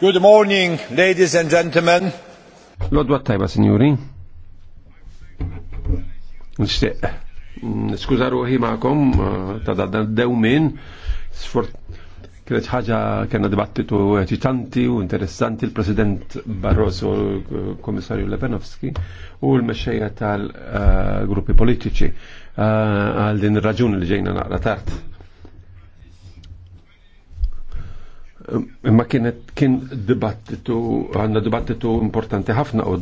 Good morning, ladies and gentlemen. Lodwa tajba, signori. Nishtiq. Skuza ruħi ma'kom eh, ta' da' dewmin. Sfort Kienet ħaġa kena dibattitu eċitanti u interessanti l-President Barroso, l-Komissarju Lepenovski, u l-mexxejja tal-gruppi politiċi eh, għal din ir-raġuni li ġejna naqra tard. Imma kienet kien dibattitu, għandna dibattitu importanti ħafna u